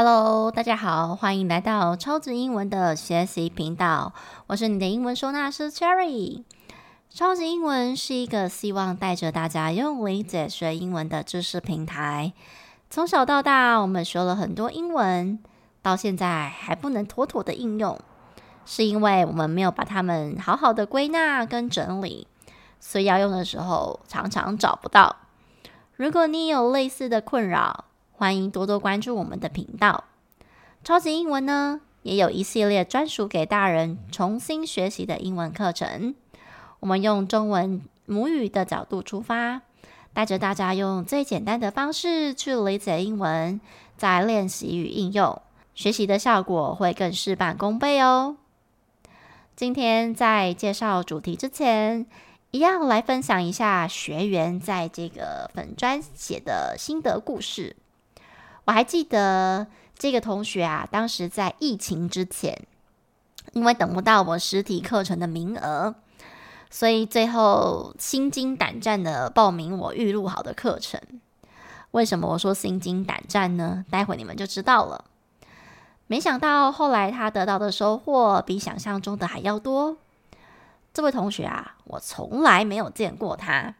Hello，大家好，歡迎來到超級英文的學習頻道。我是你的英文收納師 Cherry。超級英文是一個希望帶着大家用理解學英文的知識平台。從小到大，我們學了很多英文，到現在還不能妥妥的應用，是因為我們沒有把它們好好的歸納跟整理，所以要用的時候常常找不到。如果你有類似的困擾，歡迎多多關注我們的頻道。超級櫻文呢，也有一系列專屬給大人重新學習的英文課程。我們用中文母語的角度出發，帶着大家用最簡單的方式去理解英文，再練習與應用，學習的效果會更事半功倍哦。今天在介紹主題之前，一樣來分享一下學員在這個粉專寫的心得故事。我還記得這個同學啊，當時在疫情之前，因為等不到我實體課程的名額，所以最後心驚膽戰地報名我預錄好的課程。為什麼我說心驚膽戰呢？待會你們就知道了。沒想到後來他得到的收穫比想象中的還要多。這位同學啊，我從來沒有見過他。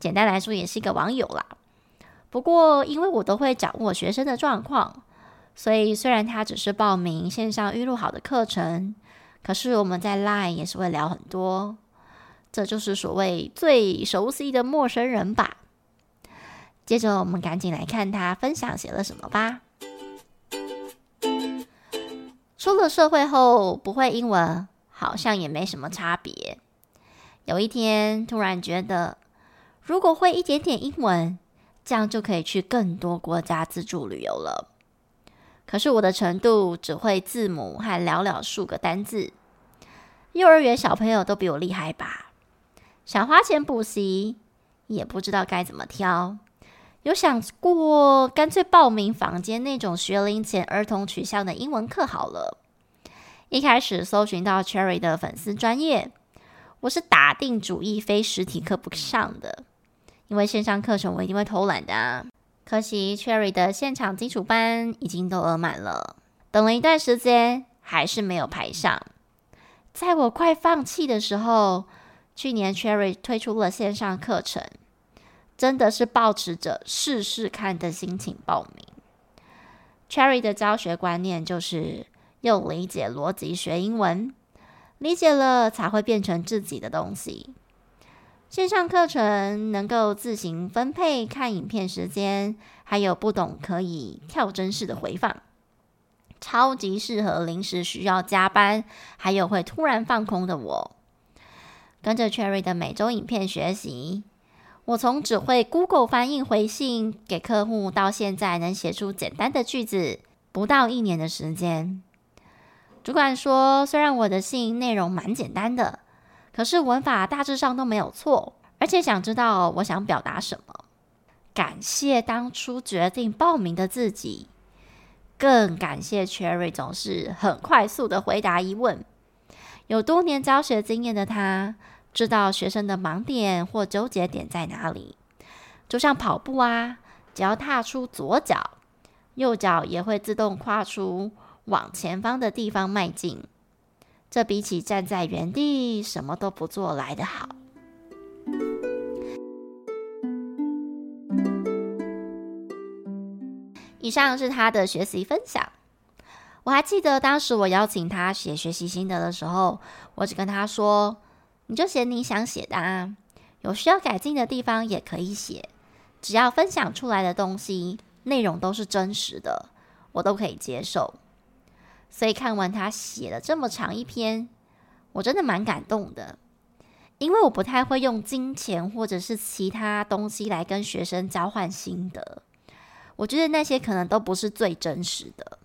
簡單來說，也是一個網友啦。不過，因為我都會掌握學生的狀況，所以雖然他只是報名線上預錄好的課程，可是我們在 LINE 也是會聊很多。這就是所謂最熟悉的陌生人吧。接着，我們趕緊來看他分享寫了什麼吧。出了社會後不會英文，好像也沒什麼差別。有一天突然覺得，如果會一點點英文，這樣就可以去更多國家自助旅遊了。可是我的程度只會字母和寥寥數個單字，幼兒園小朋友都比我厲害吧？想花錢補習，也不知道該怎麼挑。有想過乾脆報名坊間那種學齡前兒童取向的英文課好了。一開始搜尋到 Cherry 的粉絲專頁，我是打定主意非實體課不上的。因為線上課程我一定會偷懶的啊，可惜 Cherry 的現場基礎班已經都額滿了，等了一段時間還是沒有排上。在我快放棄的時候，去年 Cherry 推出了線上課程，真的是抱持著試試看的心情報名。Cherry 的教學觀念就是用理解邏輯學英文，理解了才會變成自己的東西。線上課程能夠自行分配看影片時間，還有不懂可以跳針式的回放，超級適合臨時需要加班，還有會突然放空的我。跟着 Cherry 的每周影片學習，我從只會 Google 翻譯回信給客戶，到現在能寫出簡單的句子，不到一年的時間。主管說，雖然我的信內容蠻簡單的。可是文法大致上都沒有錯，而且想知道我想表達什麼。感謝當初決定報名的自己，更感謝 Cherry 總是很快速地回答疑問。有多年教學經驗的他，知道學生的盲點或糾結點在哪裡。就像跑步啊，只要踏出左腳，右腳也會自動跨出往前方的地方邁進。這比起站在原地什麼都不做來得好。以上是他的學習分享。我還記得當時我邀請他寫學習心得的時候，我只跟他說：“你就寫你想寫的，啊，有需要改進的地方也可以寫，只要分享出來的東西內容都是真實的，我都可以接受。”所以看完他寫了這麼長一篇，我真的蠻感動的。因為我不太會用金錢或者是其他東西來跟學生交換心得，我覺得那些可能都不是最真實的。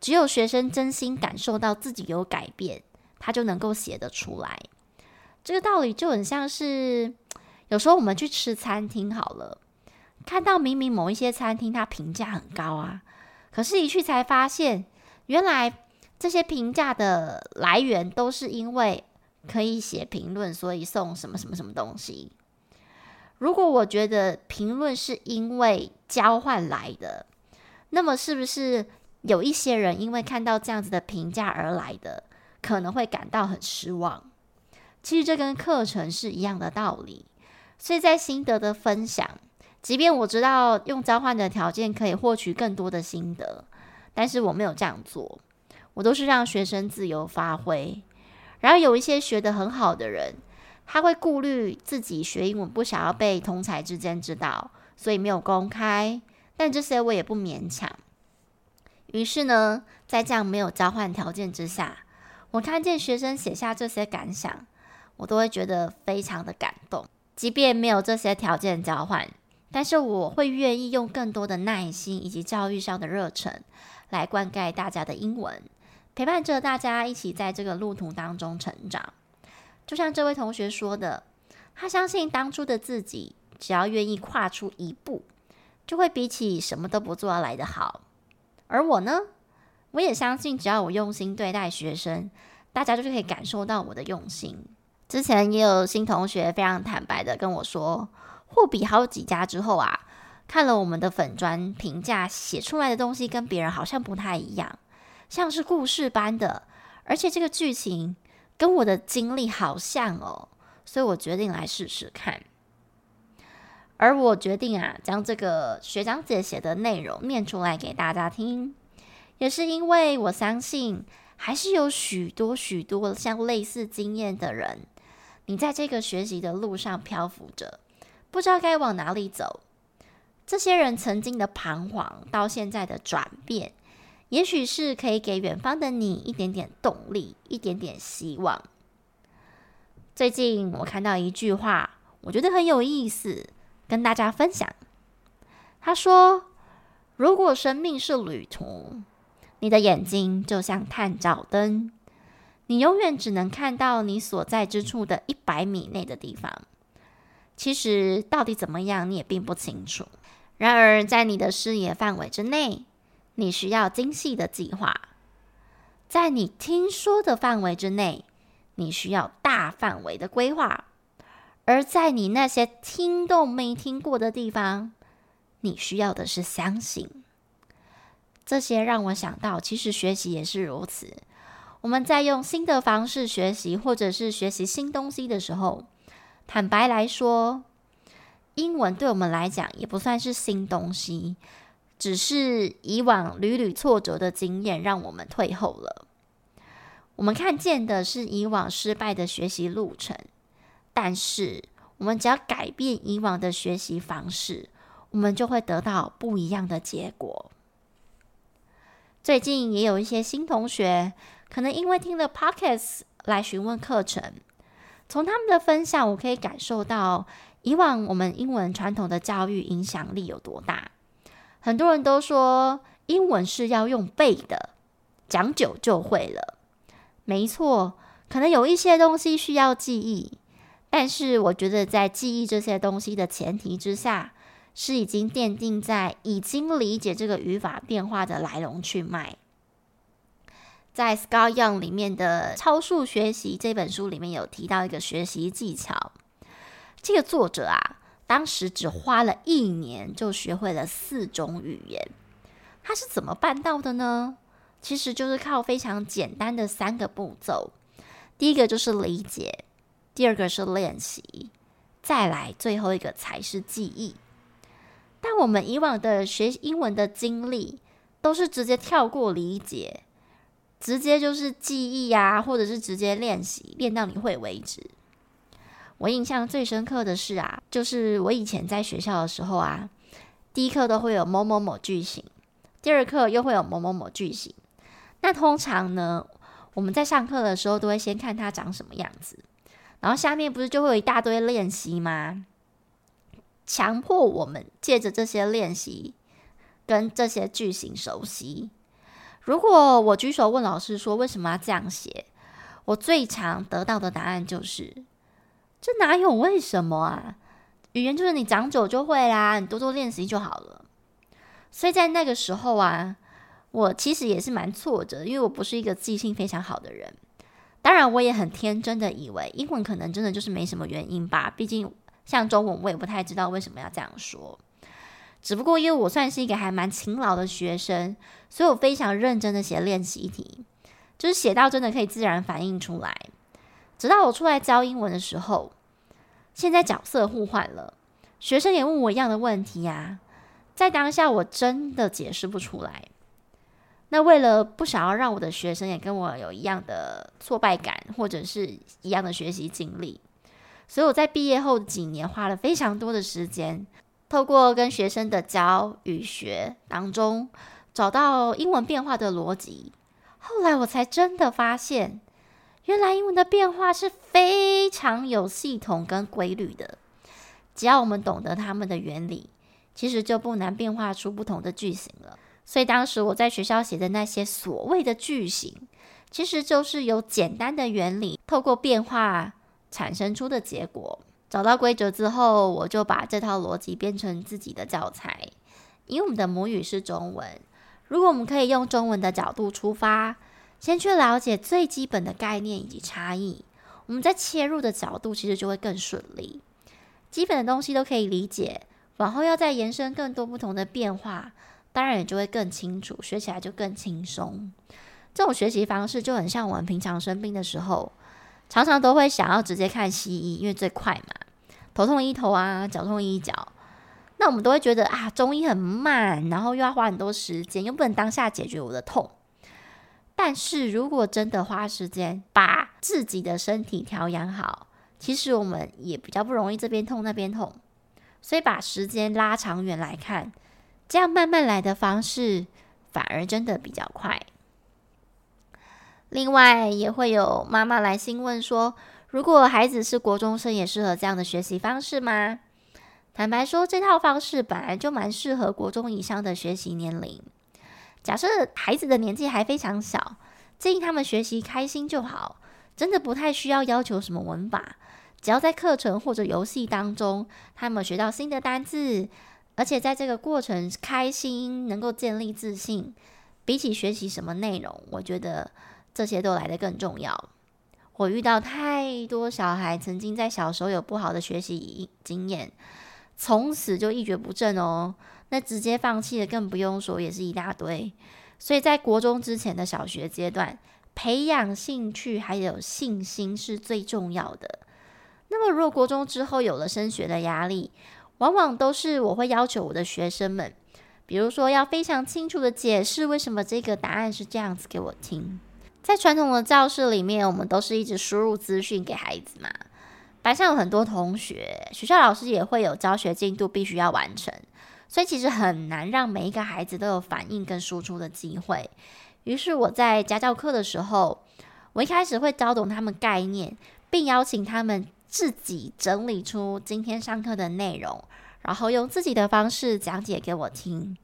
只有學生真心感受到自己有改變，他就能夠寫得出來。這個道理就很像是有時候我們去吃餐廳好了，看到明明某一些餐廳它評價很高啊，可是一去才發現。原來這些評價的來源都是因為可以寫評論，所以送什麼什麼什麼東西。如果我覺得評論是因為交換來的，那麼是不是有一些人因為看到這樣子的評價而來的，可能會感到很失望？其實這跟課程是一樣的道理。所以在心得的分享，即便我知道用交換的條件可以獲取更多的心得。但是我沒有這樣做，我都是讓學生自由發揮。然後有一些學得很好的人，他會顧慮自己學英文不想要被同儕之間知道，所以沒有公開。但這些我也不勉強。於是呢，在這樣沒有交換條件之下，我看見學生寫下這些感想，我都會覺得非常的感動。即便沒有這些條件交換，但是我會願意用更多的耐心以及教育上的熱忱。來灌溉大家的英文，陪伴着大家一起在這個路途當中成長。就像這位同學說的，他相信當初的自己，只要願意跨出一步，就會比起什麼都不做來的好。而我呢？我也相信，只要我用心對待學生，大家就可以感受到我的用心。之前也有新同學非常坦白的跟我說，貨比好幾家之後啊。看了我們的粉專評價，寫出來的東西跟別人好像不太一樣，像是故事般的，而且這個劇情跟我的經歷好像哦，所以我決定來試試看。而我決定啊，將這個學長姐寫的內容念出來給大家聽，也是因為我相信，還是有許多許多像類似經驗的人，你在這個學習的路上漂浮着，不知道該往哪裡走。這些人曾經的彷徨到現在的轉變，也許是可以給遠方的你一點點動力，一點點希望。最近我看到一句話，我覺得很有意思，跟大家分享。他說：“如果生命是旅途，你的眼睛就像探照燈，你永遠只能看到你所在之處的一百米內的地方。其實到底怎麼樣，你也並不清楚。”然而，在你的視野範圍之內，你需要精細的計劃；在你聽說的範圍之內，你需要大範圍的規劃；而在你那些聽都沒聽過的地方，你需要的是相信。這些讓我想到，其實學習也是如此。我們在用新的方式學習，或者是學習新東西的時候，坦白來說。英文對我們來講也不算是新東西，只是以往屢屢挫折的經驗讓我們退後了。我們看見的是以往失敗的學習路程，但是我們只要改變以往的學習方式，我們就會得到不一樣的結果。最近也有一些新同學，可能因為聽了 Podcast 來詢問課程，從他們的分享，我可以感受到。以往我們英文傳統的教育影響力有多大？很多人都說英文是要用背的，講久就會了。沒錯，可能有一些東西需要記憶，但是我覺得在記憶這些東西的前提之下，是已經奠定在已經理解這個語法變化的來龍去脈。在 Scott Young 裡面的超速學習這本書裡面有提到一個學習技巧。這個作者啊，當時只花了一年就學會了四種語言，他是怎麼辦到的呢？其實就是靠非常簡單的三個步驟：第一個就是理解，第二個是練習，再來最後一個才是記憶。但我們以往的學英文的經歷，都是直接跳過理解，直接就是記憶呀、啊，或者是直接練習，練到你會為止。我印象最深刻的是啊，就是我以前在學校的時候啊，第一課都會有某某某句型，第二課又會有某某某句型。那通常呢，我們在上課的時候都會先看它長什麼樣子，然後下面不是就會有一大堆練習嗎？強迫我們借着這些練習跟這些句型熟悉。如果我舉手問老師說為什麼要這樣寫，我最常得到的答案就是。這哪有為什麼啊？語言就是你講久就會啦，你多多練習就好了。所以在那個時候啊，我其實也是蠻挫折，因為我不是一個記性非常好的人。當然，我也很天真的以為英文可能真的就是沒什麼原因吧。畢竟像中文，我也不太知道為什麼要這樣說。只不過因為我算是一個還蠻勤勞的學生，所以我非常認真的寫練習題，就是寫到真的可以自然反應出來。直到我出來教英文的時候，現在角色互換了，學生也問我一樣的問題啊，在當下我真的解釋不出來。那為了不想要讓我的學生也跟我有一樣的挫敗感，或者是一樣的學習經歷，所以我在畢業後幾年花了非常多的時間，透過跟學生的教與學當中，找到英文變化的邏輯。後來我才真的發現。原來英文的變化是非常有系統跟規律的，只要我們懂得他們的原理，其實就不難變化出不同的句型了。所以當時我在學校寫的那些所謂的句型，其實就是由簡單的原理透過變化產生出的結果。找到規則之後，我就把這套邏輯變成自己的教材，因為我們的母語是中文，如果我們可以用中文的角度出發。先去了解最基本的概念以及差異，我們在切入的角度其實就會更順利。基本的東西都可以理解，往後要再延伸更多不同的變化，當然也就會更清楚，學起來就更輕鬆。這種學習方式就很像我們平常生病的時候，常常都會想要直接看西醫，因為最快嘛，頭痛醫頭啊，腳痛醫腳。那我們都會覺得啊，中醫很慢，然後又要花很多時間，又不能當下解決我的痛。但是如果真的花時間把自己的身體調養好，其實我們也比較不容易這邊痛那邊痛，所以把時間拉長遠來看，這樣慢慢來的方式反而真的比較快。另外也會有媽媽來信問說，如果孩子是國中生，也適合這樣的學習方式嗎？坦白說，這套方式本來就蠻適合國中以上的學習年齡。假設孩子的年紀還非常小，建議他們學習開心就好，真的不太需要要求什麼文法。只要在課程或者遊戲當中，他們學到新的單字，而且在這個過程開心，能夠建立自信。比起學習什麼內容，我覺得這些都來得更重要。我遇到太多小孩曾經在小時候有不好的學習經驗，從此就一蹶不振哦。那直接放棄的更不用說，也是一大堆。所以在國中之前的小學階段，培養興趣還有信心是最重要的。那麼，如果國中之後有了升學的壓力，往往都是我會要求我的學生們，比如說要非常清楚的解釋為什麼這個答案是這樣子給我聽。在傳統的教室裡面，我們都是一直輸入資訊給孩子嘛。班上有很多同學，學校老師也會有教學進度必須要完成。所以其實很難讓每一個孩子都有反應跟輸出的機會。於是我在家教課的時候，我一開始會教懂他們概念，並邀請他們自己整理出今天上課的內容，然後用自己的方式講解給我聽。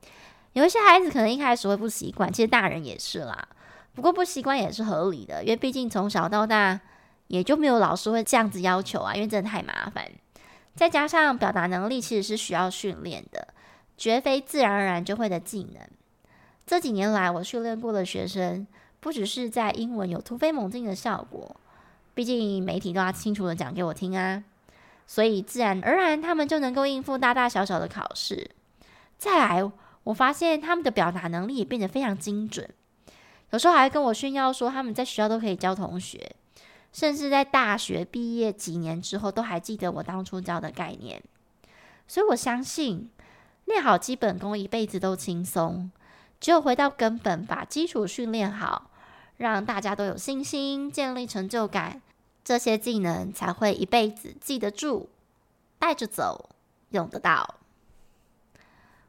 有一些孩子可能一開始會不習慣，其實大人也是啦。不過不習慣也是合理的，因為畢竟從小到大也就沒有老師會這樣子要求啊，因為真的太麻煩。再加上表達能力其實是需要訓練的。絕非自然而然就會的技能。這幾年來，我訓練過的學生，不只是在英文有突飛猛進的效果，畢竟媒體都要清楚地講給我聽啊。所以，自然而然，他們就能夠應付大大小小的考試。再來，我發現他們的表達能力也變得非常精準，有時候還跟我炫耀說他們在學校都可以教同學，甚至在大學畢業幾年之後，都還記得我當初教的概念。所以我相信。練好基本功，一輩子都輕鬆。只有回到根本，把基礎訓練好，讓大家都有信心，建立成就感，這些技能才會一輩子記得住，帶着走，用得到。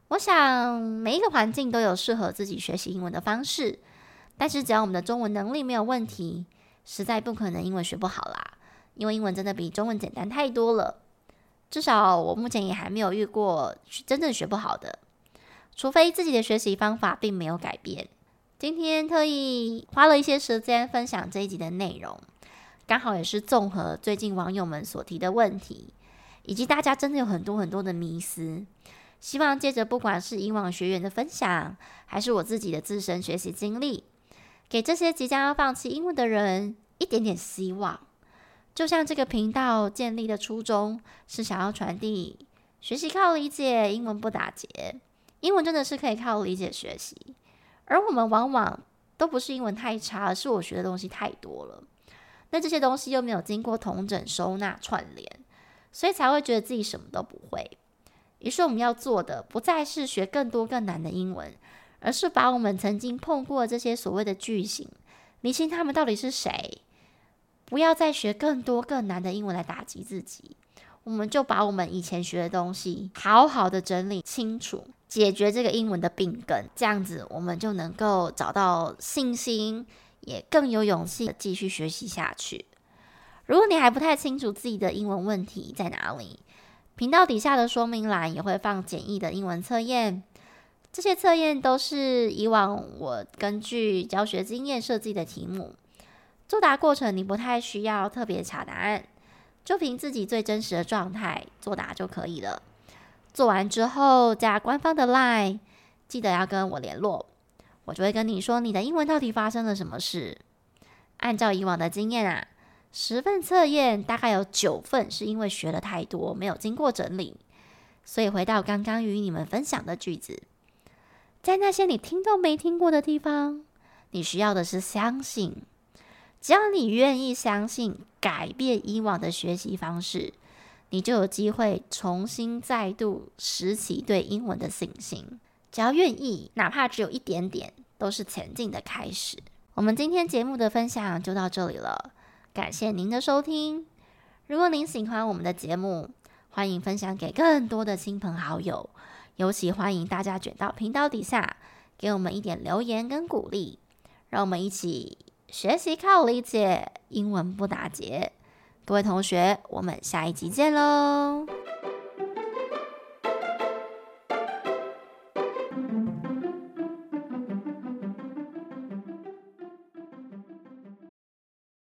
我想每一個環境都有適合自己學習英文的方式，但是只要我們的中文能力沒有問題，實在不可能英文學不好啦，因為英文真的比中文簡單太多了。至少我目前也還沒有遇過真正學不好的，除非自己的學習方法並沒有改變。今天特意花了一些時間分享這一集的內容，剛好也是綜合最近網友們所提的問題，以及大家真的有很多很多的迷思。希望借着不管是以往學員的分享，還是我自己的自身學習經歷，給這些即將要放棄英文的人一點點希望。就像這個頻道建立的初衷是想要傳遞：學習靠理解，英文不打結。英文真的是可以靠理解學習，而我們往往都不是英文太差，而是我學的東西太多了。那這些東西又沒有經過統整、收納、串聯，所以才會覺得自己什麼都不會。於是我們要做的不再是學更多更難的英文，而是把我們曾經碰過的這些所謂的句型，理清他們到底是誰。不要再學更多更難的英文來打擊自己，我們就把我們以前學的東西好好的整理清楚，解決這個英文的病根，這樣子我們就能夠找到信心，也更有勇氣繼續學習下去。如果你還不太清楚自己的英文問題在哪裡，頻道底下的說明欄也會放簡易的英文測驗，這些測驗都是以往我根據教學經驗設計的題目。作答過程，你不太需要特別查答案，就憑自己最真實的狀態作答就可以了。做完之後加官方的 LINE，記得要跟我聯絡，我就會跟你說你的英文到底發生了什麼事。按照以往的經驗啊，十份測驗大概有九份是因為學了太多，沒有經過整理。所以回到剛剛與你們分享的句子，在那些你聽都沒聽過的地方，你需要的是相信。只要你願意相信，改變以往的學習方式，你就有機會重新再度拾起對英文的信心。只要願意，哪怕只有一點點，都是前進的開始。我們今天節目的分享就到這裡了，感謝您的收聽。如果您喜歡我們的節目，歡迎分享給更多的親朋好友，尤其歡迎大家捲到頻道底下，給我們一點留言跟鼓勵，讓我們一起。學習靠理解，英文不打結。各位同學，我們下一集見嘍！